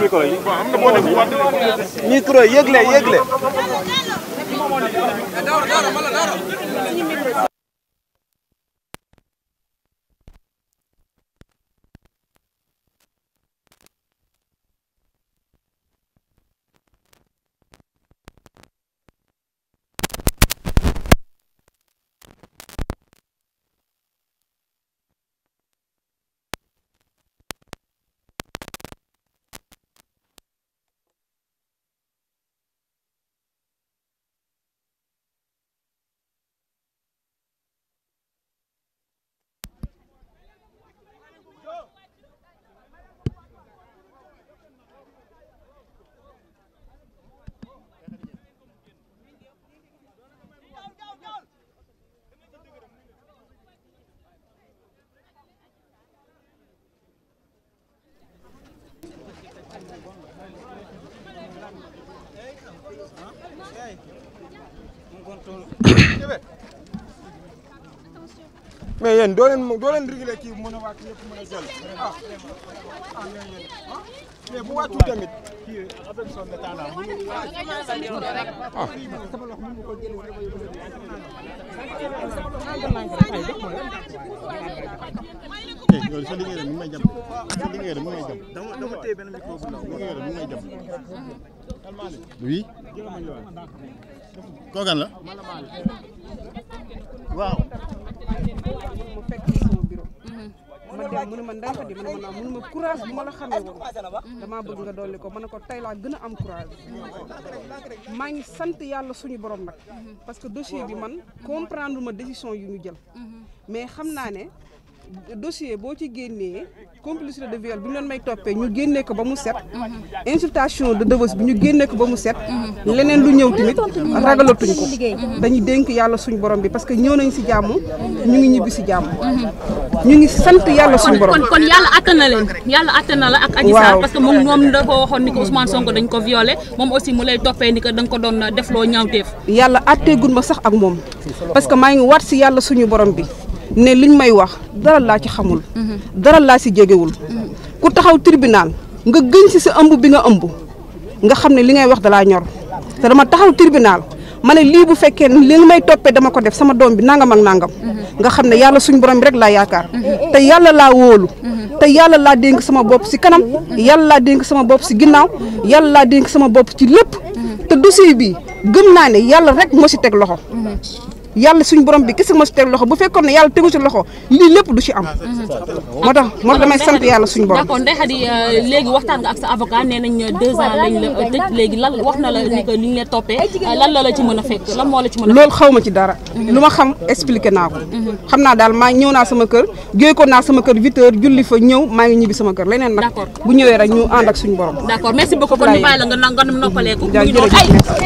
micro yi. micro yëgle yëgle. mais yéen doo leen doo leen réglé kii mën a ah. Ah, ah. tamit kii avec son mu may jàpp sa liggéey mu may mu may jàpp oui kookan la waaw. ma dem mu ne ma ndey fa di ma ne ma courage bu ma la xamee woon damaa bëgg nga dolli ko ma ne ko tey laa gën a am courage maa ngi sant yàlla suñu borom nag parce que dossier bi man comprendre ma décision yu ñu jël mhm. mais xam naa ne dossier boo ci génnee complicité de viol bi ñu doon may toppee ñu génnee ko ba mu set. insultation de débauche bi ñu génnee ko ba mu set. leneen lu ñëw tamit ragalatuñ ko. dañuy dénk yàlla suñu borom bi parce que ñëw nañ si jàmm ñu ngi ñibbi si jàmm. ñu ngi sant yàlla suñu borom kon kon yàlla attan na leen yàlla attan na la ak. Adji que moom moom da ko waxoon ni ko Ousmane ko violé moom aussi mu lay toppee ni ko da nga ko doon defloo ñaawteef. yàlla atteegul ma sax ak moom parce que maa ngi waat si yàlla suñu borom bi ne liñ may wax dara laa ci xamul. dara laa si jegewul. ku taxaw tribunal nga gën si si ëmb bi nga ëmb nga xam ne li ngay wax dalaa ñor te dama taxaw tribunal ma ne lii bu fekkee li nga may toppee dama ko def sama doom bi nangam ak nangam. nga xam ne yàlla suñu borom bi rek laa yaakaar. te yàlla laa wóolu. te yàlla laa dénk sama bopp si kanam. yàlla laa dénk sama bopp si ginnaaw. yàlla laa dénk sama bopp ci lépp. te dossier bi gëm naa ne yàlla rek moo si teg loxo. yàlla suñu borom bi kese moo si teg loxo bu fekkoon ne yàlla tegu si loxo lii lépp du si am. moo tax moo tax damay sant yàlla suñu borom. d'accord Ndeye euh, léegi waxtaan nga ak sa avocat nee nañ euh, deux ans euh, léegi lan wax na la ni que li ñu la la la ci mën a fekk lan moo la ci mën a. loolu xaw ma ci dara. Mhm. lu ma xam expliqué naa ko. Mhm. xam naa daal maa ñëw naa sama kër jóoy ko naa sama kër huit heures julli fa ñëw maa ngi ñibbi sama kër leneen nag. bu ñëwee rek ñu ànd ak suñu borom. d'accord merci beaucoup kon ñu bàyyi la nga nangam noppaleeku.